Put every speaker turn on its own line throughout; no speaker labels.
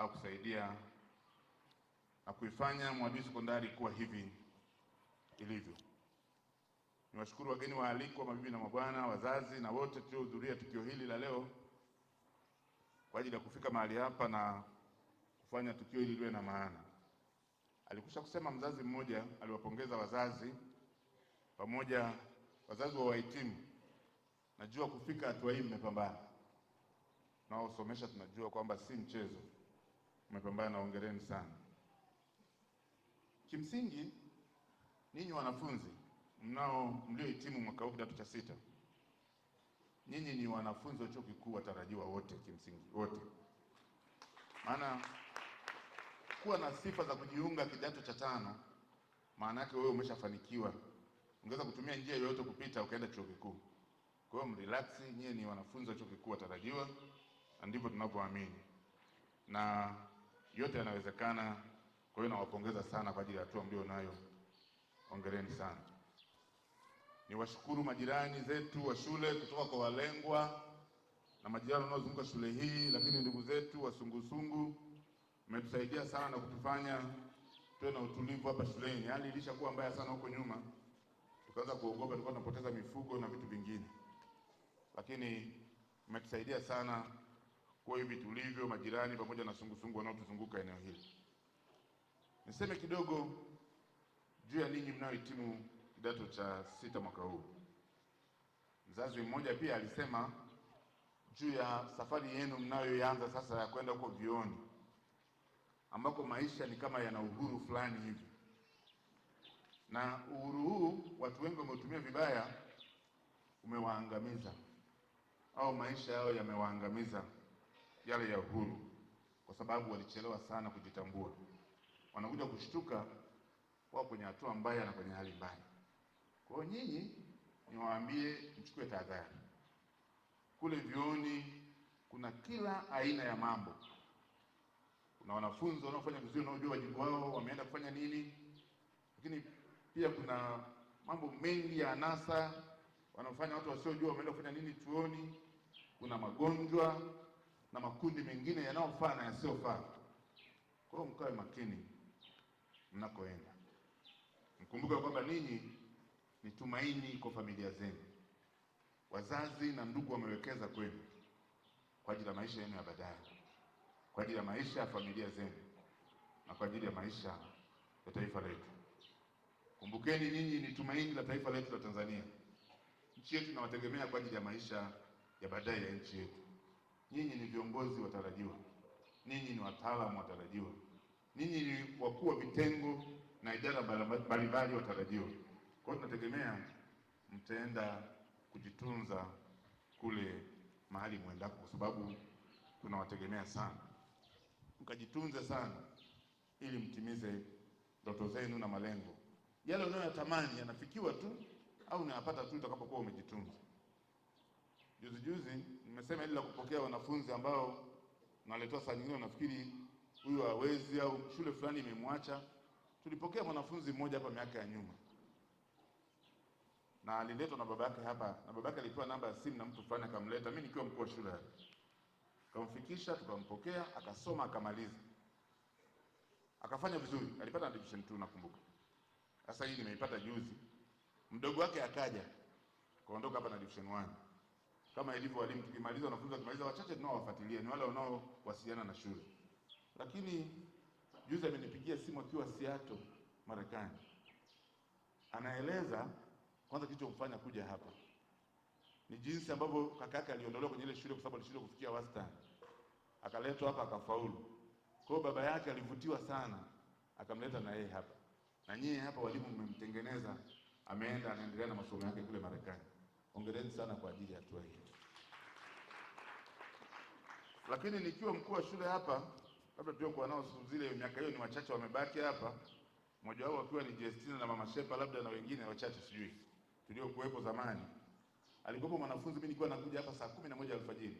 au kusaidia na kuifanya Mwadui sekondari kuwa hivi ilivyo. Niwashukuru wageni waalikwa, mabibi na mabwana, wazazi na wote tuliohudhuria tukio hili la leo kwa ajili ya kufika mahali hapa na kufanya tukio hili liwe na maana. Alikusha kusema mzazi mmoja aliwapongeza wazazi pamoja, wazazi wa wahitimu. Najua kufika hatua hii mmepambana, naosomesha tunajua kwamba si mchezo. Umepambana, hongereni sana. Kimsingi ninyi wanafunzi mnao mliohitimu mwaka huu kidato cha sita, nyinyi ni wanafunzi wa chuo kikuu watarajiwa wote, kimsingi wote, maana kuwa na sifa za kujiunga kidato cha tano maana yake wewe umeshafanikiwa, ungeweza kutumia njia yoyote kupita ukaenda chuo kikuu. Kwa hiyo mrelax, nyie ni wanafunzi wa chuo kikuu watarajiwa, na ndivyo tunavyoamini na yote yanawezekana. Kwa hiyo nawapongeza sana kwa ajili ya hatua mlio nayo, ongereni sana. Niwashukuru majirani zetu wa shule kutoka kwa walengwa na majirani wanaozunguka shule hii, lakini ndugu zetu wasungusungu, mmetusaidia sana na kutufanya tuwe na utulivu hapa shuleni. Hali yaani ilishakuwa mbaya sana huko nyuma, tukaanza kuogopa, tulikuwa tunapoteza mifugo na vitu vingine, lakini mmetusaidia sana kwa hivi tulivyo, majirani pamoja na sungusungu wanaotuzunguka eneo hili. Niseme kidogo juu ya ninyi mnayohitimu kidato cha sita mwaka huu. Mzazi mmoja pia alisema juu ya safari yenu mnayoianza sasa ya kwenda huko vioni ambako maisha ni kama yana uhuru fulani hivi, na uhuru huu watu wengi wameutumia vibaya, umewaangamiza au maisha yao yamewaangamiza yale ya uhuru, kwa sababu walichelewa sana kujitambua. Wanakuja kushtuka wao kwenye hatua mbaya na kwenye hali mbaya. Kwa hiyo nyinyi, niwaambie mchukue tahadhari. Kule vyuoni kuna kila aina ya mambo. Kuna wanafunzi wanaofanya vizuri, wanaojua wajibu wao, wameenda kufanya nini, lakini pia kuna mambo mengi ya anasa wanaofanya watu wasiojua wameenda kufanya nini chuoni. Kuna magonjwa na makundi mengine yanayofaa na yasiyofaa. Kwa hiyo mkawe makini mnakoenda, mkumbuke kwamba ninyi ni tumaini kwa familia zenu. Wazazi na ndugu wamewekeza kwenu kwa ajili ya maisha yenu ya baadaye, kwa ajili ya maisha ya familia zenu na kwa ajili ya maisha ya taifa letu. Kumbukeni, ninyi ni tumaini la taifa letu la Tanzania. Nchi yetu inawategemea kwa ajili ya maisha ya baadaye ya nchi yetu. Nyinyi ni viongozi watarajiwa, ninyi ni wataalamu watarajiwa, ninyi ni wakuu wa vitengo na idara mbalimbali watarajiwa. Kwa hiyo tunategemea mtaenda kujitunza kule mahali mwendako, kwa sababu tunawategemea sana, mkajitunze sana ili mtimize ndoto zenu na malengo. Yale unayoyatamani yanafikiwa tu au unayapata tu utakapokuwa umejitunza. Juzi juzi nimesema ili la kupokea wanafunzi ambao naletwa saa nyingine nafikiri huyu hawezi au shule fulani imemwacha. Tulipokea mwanafunzi mmoja hapa miaka ya nyuma, na aliletwa na baba yake hapa, na baba yake alipewa namba ya simu na mtu fulani akamleta, mimi nikiwa mkuu wa shule hapa, kamfikisha, tukampokea, akasoma, akamaliza, akafanya vizuri, alipata division 2 nakumbuka. Sasa hii nimeipata juzi, mdogo wake akaja kaondoka hapa na division 1 kama ilivyo walimu, tukimaliza wanafunzi wakimaliza, wachache tunaowafuatilia ni wale wanaowasiliana na shule. Lakini juzi amenipigia simu akiwa Seattle Marekani, anaeleza kwanza kilichomfanya kuja hapa ni jinsi ambavyo kaka yake aliondolewa kwenye ile shule kwa sababu alishindwa kufikia wastani, akaletwa hapa akafaulu. Kwa hiyo baba yake alivutiwa sana, akamleta na yeye hapa, na nyie hapa walimu mmemtengeneza, ameenda anaendelea na masomo yake kule Marekani. Hongereni sana kwa ajili ya hatua hii. Lakini nikiwa mkuu wa shule hapa, labda tuliokuwa nao siku zile, miaka hiyo ni wachache wamebaki hapa, mmoja wao akiwa ni Justina na mama Shepa, labda na wengine wachache sijui tuliokuwepo zamani. alikuwa mwanafunzi, mimi nilikuwa nakuja hapa saa kumi na moja alfajiri,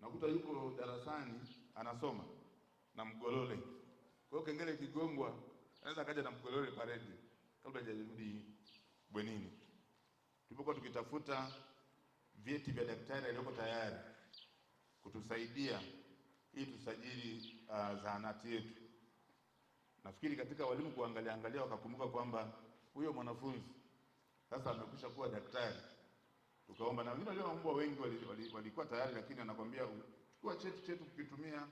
nakuta yuko darasani anasoma na mgolole. Kwa hiyo kengele kigongwa, anaweza kaja na mgolole paredi kabla hajarudi bwenini. Tulipokuwa tukitafuta vyeti vya daktari aliyoko tayari kutusaidia ili tusajili uh, zahanati yetu. Nafikiri katika walimu kuangalia angalia wakakumbuka kwamba huyo mwanafunzi sasa amekwisha kuwa daktari, tukaomba na wengine waliombwa wengi walikuwa wali, wali tayari, lakini anakwambia chukua cheti chetu kukitumia,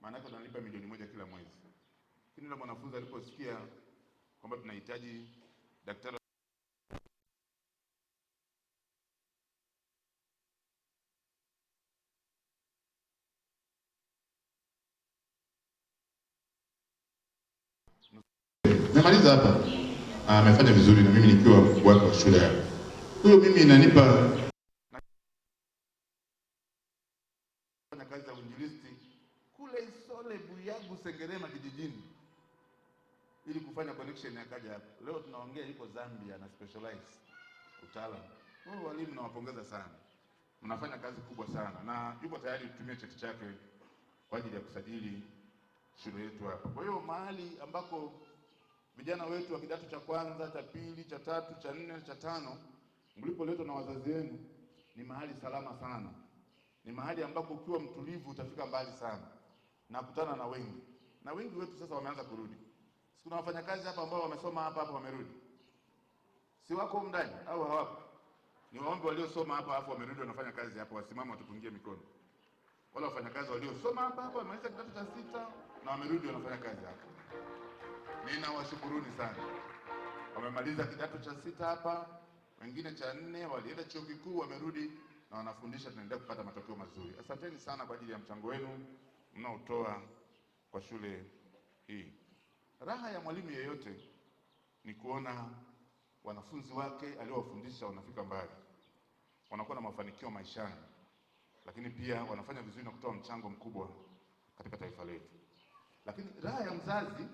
maana yake tunalipa milioni moja kila mwezi. Lakini yule mwanafunzi aliposikia kwamba tunahitaji daktari amemaliza hapa, amefanya ah, vizuri, na mimi nikiwa wake wa shule yake huyo, mimi inanipa kazi za uinjilisti kule Isole, Buyagu, Sengerema kijijini, ili kufanya connection. Akaja hapa leo tunaongea, yuko Zambia na specialize utaalam. Wao walimu nawapongeza sana, mnafanya kazi kubwa sana, na yuko tayari kutumia cheti chake kwa ajili ya kusajili shule yetu hapa. Kwa hiyo mahali ambako vijana wetu wa kidato cha kwanza, cha pili, cha tatu, cha nne, cha tano, mlipoletwa na wazazi wenu, ni mahali salama sana, ni mahali ambapo ukiwa mtulivu utafika mbali sana. Nakutana na wengi na wengi wetu sasa wameanza kurudi. kuna wafanyakazi hapa ambao wamesoma hapa hapa wamerudi, si wako ndani au hawako? Ni waombe waliosoma hapa afu wamerudi wanafanya kazi hapa, wasimame watupungie mikono. wale wafanyakazi waliosoma hapa hapa wamaliza kidato cha sita na wamerudi wanafanya kazi hapa. Ninawashukuruni sana, wamemaliza kidato cha sita hapa, wengine cha nne, walienda chuo kikuu, wamerudi na wanafundisha. Tunaendelea kupata matokeo mazuri. Asanteni sana kwa ajili ya mchango wenu mnaotoa kwa shule hii. Raha ya mwalimu yeyote ni kuona wanafunzi wake aliowafundisha wanafika mbali, wanakuwa na mafanikio maishani, lakini pia wanafanya vizuri na kutoa mchango mkubwa katika taifa letu. Lakini raha ya mzazi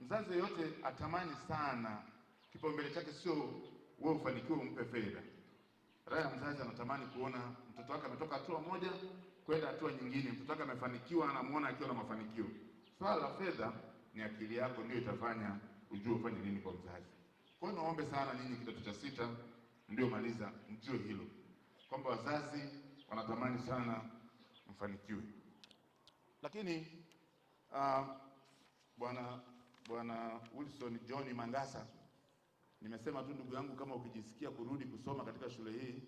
Mzazi yeyote atamani sana kipaumbele chake sio wewe ufanikiwe umpe fedha. Raha mzazi anatamani kuona mtoto wake ametoka hatua moja kwenda hatua nyingine, mtoto wake amefanikiwa, anamuona akiwa na mafanikio. Swala la fedha ni akili yako ndio itafanya ujue ufanye nini kwa mzazi. Kwa hiyo naombe sana nyinyi kidato cha sita ndio maliza, mjue hilo kwamba wazazi wanatamani sana mfanikiwe, lakini uh, bwana Bwana Wilson John Mangasa, nimesema tu ndugu yangu, kama ukijisikia kurudi kusoma katika shule hii,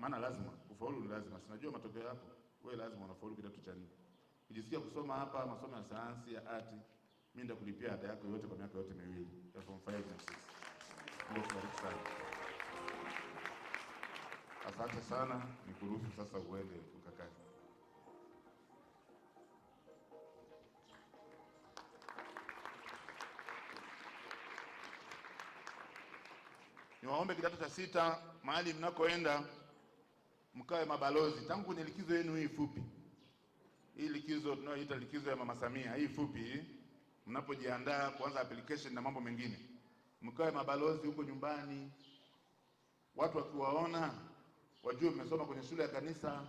maana lazima kufaulu, ni lazima, sinajua matokeo yako wewe, lazima unafaulu kidato cha nne. Ukijisikia kusoma hapa masomo ya sayansi ya ati, mimi nitakulipia ada yako yote kwa miaka yote miwili ya form 5 na 6. Asante sana, nikuruhusu sasa uende ukakae. niwaombe kidato cha sita mahali mnakoenda mkawe mabalozi. Tangu ni likizo yenu hii fupi, hii likizo tunayoita likizo ya mama Samia hii fupi mnapojiandaa kuanza application na mambo mengine, mkawe mabalozi huko nyumbani. Watu wakiwaona wajue mmesoma kwenye shule ya kanisa.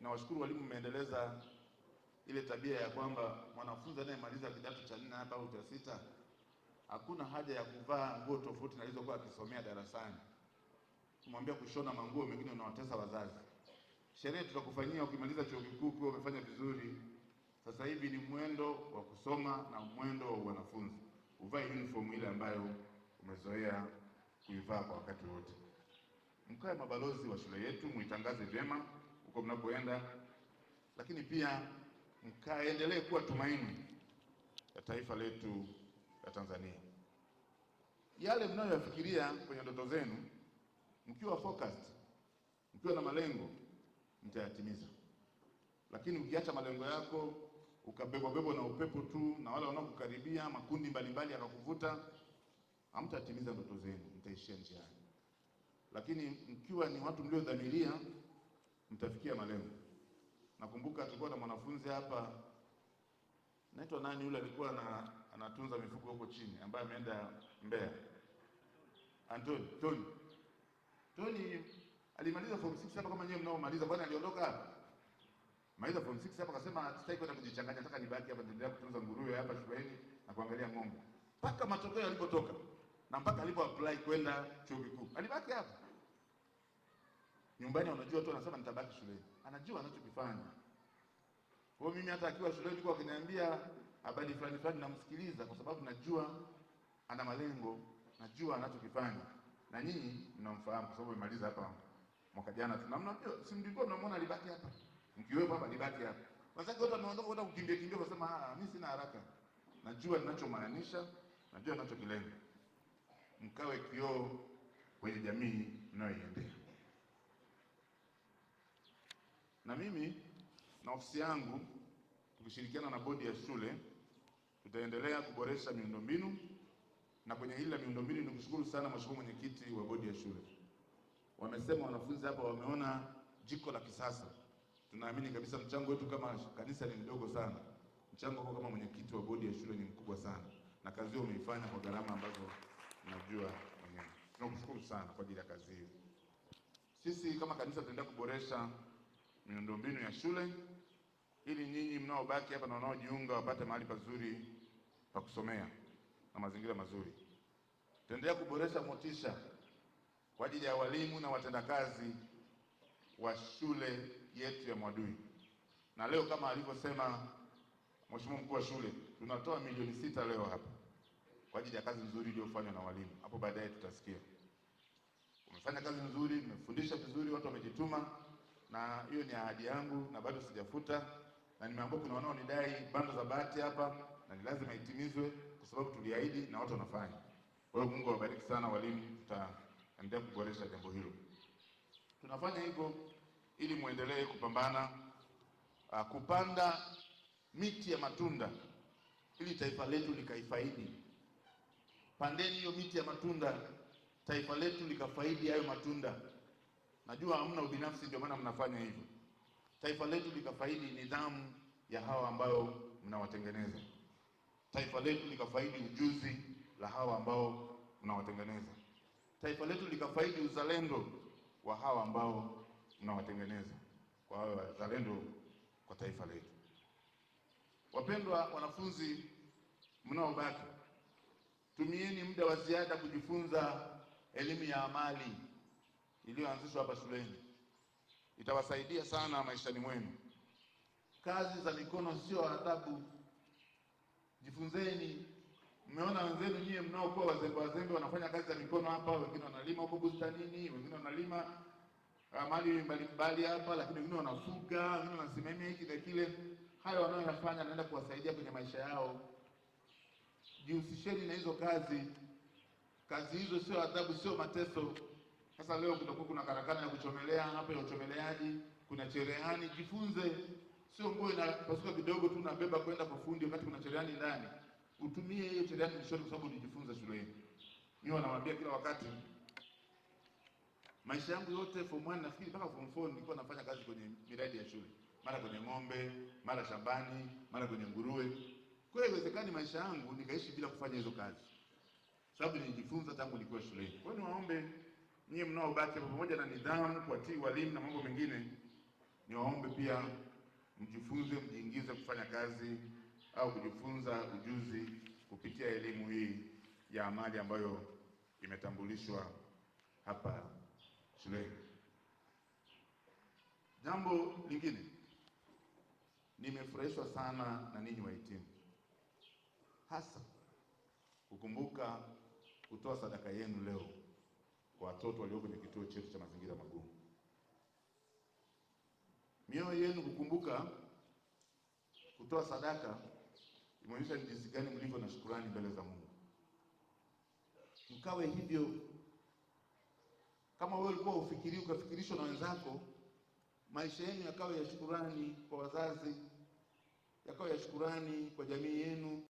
Nawashukuru walimu, mmeendeleza ile tabia ya kwamba mwanafunzi anayemaliza kidato cha nne hapa au cha sita Hakuna haja ya kuvaa nguo tofauti na alizokuwa akisomea darasani, kumwambia kushona manguo mengine, unawatesa wazazi. Sherehe tutakufanyia ukimaliza chuo kikuu kwa umefanya vizuri. Sasa hivi ni mwendo wa kusoma na mwendo wa wanafunzi, uvae uniform ile ambayo umezoea kuivaa kwa wakati wote. Mkae mabalozi wa shule yetu, muitangaze vyema huko mnapoenda, lakini pia mkaendelee kuwa tumaini ya taifa letu ya Tanzania. Yale mnayoyafikiria kwenye ndoto zenu, mkiwa focused, mkiwa na malengo, mtayatimiza. Lakini ukiacha malengo yako ukabebwa bebwa na upepo tu na wale wanaokukaribia makundi mbalimbali yakakuvuta, hamtatimiza ndoto zenu, mtaishia njiani. Lakini mkiwa ni watu mliodhamiria, mtafikia malengo. Nakumbuka tulikuwa na mwanafunzi hapa, naitwa nani yule, alikuwa na anatunza mifugo huko chini, ambaye ameenda Mbeya, Antoni Toni Toni alimaliza form 6 hapa kama nyewe mnaomaliza. Bwana aliondoka hapa maliza form 6 hapa, akasema sitaki kwenda kujichanganya, nataka nibaki hapa, niendelea kutunza nguruwe hapa shuleni na kuangalia ng'ombe, Paka matokeo yalipotoka na mpaka alipo apply kwenda chuo kikuu alibaki hapa nyumbani. anajua tu anasema nitabaki shuleni, anajua anachokifanya. Kwa hiyo mimi hata akiwa shuleni kwa kiniambia habari fulani fulani, namsikiliza kwa sababu najua ana malengo, najua anachokifanya, na nyinyi mnamfahamu kwa sababu amemaliza hapa mwaka jana tu, namnajua, si mlikuwa mnamwona alibaki hapa, mkiwepo hapa alibaki hapa. Wazazi wote wameondoka kwenda kukimbia kimbia, wasema ah, mimi sina haraka, najua ninachomaanisha, najua ninachokilenga. Mkawe kioo kwenye jamii mnayoiendea. Na mimi na ofisi yangu tukishirikiana na bodi ya shule tutaendelea kuboresha miundombinu na kwenye hili la miundombinu nikushukuru sana mheshimiwa mwenyekiti wa bodi ya shule. Wamesema wanafunzi hapa wameona jiko la kisasa. Tunaamini kabisa mchango wetu kama kanisa ni mdogo sana, mchango wako kama mwenyekiti wa bodi ya shule ni mkubwa sana, na kazi hiyo umeifanya kwa gharama ambazo najua mwenyewe. Tunakushukuru sana kwa ajili ya kazi hiyo. Sisi kama kanisa tutaendelea kuboresha miundombinu ya shule ili nyinyi mnaobaki hapa na wanaojiunga wapate mahali pazuri pa kusomea na mazingira mazuri. tendea kuboresha motisha kwa ajili ya walimu na watendakazi wa shule yetu ya Mwadui, na leo kama alivyosema mheshimiwa mkuu wa shule, tunatoa milioni sita leo hapa kwa ajili ya kazi nzuri iliyofanywa na walimu. Hapo baadaye tutasikia umefanya kazi nzuri, mmefundisha vizuri, watu wamejituma, na hiyo ni ahadi yangu na bado sijafuta na nimeambiwa kuna wanaonidai bando za bahati hapa na ni lazima itimizwe kwa sababu tuliahidi na watu wanafanya. Kwa hiyo Mungu awabariki sana walimu, tutaendelea kuboresha jambo hilo. Tunafanya hivyo ili muendelee kupambana uh, kupanda miti ya matunda ili taifa letu likaifaidi. Pandeni hiyo miti ya matunda, taifa letu likafaidi hayo matunda. Najua hamna ubinafsi, ndio maana mnafanya hivyo taifa letu likafaidi nidhamu ya hawa ambayo mnawatengeneza, taifa letu likafaidi ujuzi la hawa ambao mnawatengeneza, taifa letu likafaidi uzalendo wa hawa ambao mnawatengeneza. Kwa hawa wazalendo kwa taifa letu. Wapendwa wanafunzi mnaobaki, tumieni muda wa ziada kujifunza elimu ya amali iliyoanzishwa hapa shuleni itawasaidia sana maishani mwenu. Kazi za mikono sio adhabu, jifunzeni. Mmeona wenzenu nyie mnaokuwa wazembe wazembe wanafanya kazi za mikono hapa, wengine wanalima huko bustanini, wengine wanalima ah, mali mbalimbali hapa, lakini wengine wanafuga, wengine wanasimamia hiki na kile. Hayo wanayoyafanya naenda kuwasaidia kwenye maisha yao. Jihusisheni na hizo kazi. Kazi hizo sio adhabu, sio mateso. Sasa leo kutakuwa kuna karakana ya kuchomelea hapa, ya uchomeleaji, kuna cherehani. Jifunze, sio nguo inapasuka kidogo tu unabeba kwenda kwa fundi, wakati kuna cherehani ndani. Utumie hiyo cherehani mshoni, kwa sababu ulijifunza shuleni. Mimi wanawaambia kila wakati, maisha yangu yote form 1 nafikiri mpaka form 4 nilikuwa nafanya kazi kwenye miradi ya shule, mara kwenye ng'ombe, mara shambani, mara kwenye nguruwe. Kwa hiyo haiwezekani maisha yangu nikaishi bila kufanya hizo kazi, sababu nilijifunza tangu nilikuwa shuleni. Kwa hiyo niwaombe nyie mnaobaki hapa, pamoja na nidhamu, kuwatii walimu na mambo mengine, niwaombe pia mjifunze, mjiingize kufanya kazi au kujifunza ujuzi kupitia elimu hii ya amali ambayo imetambulishwa hapa shuleni. Jambo lingine, nimefurahishwa sana na ninyi wahitimu, hasa kukumbuka kutoa sadaka yenu leo watoto walio kwenye kituo chetu cha mazingira magumu. Mioyo yenu kukumbuka kutoa sadaka imeonyesha ni jinsi gani mlivyo na shukurani mbele za Mungu. Mkawe hivyo. Kama wewe ulikuwa ufikiri ukafikirishwa na wenzako, maisha yenu yakawe ya shukurani kwa wazazi, yakawe ya shukurani kwa jamii yenu.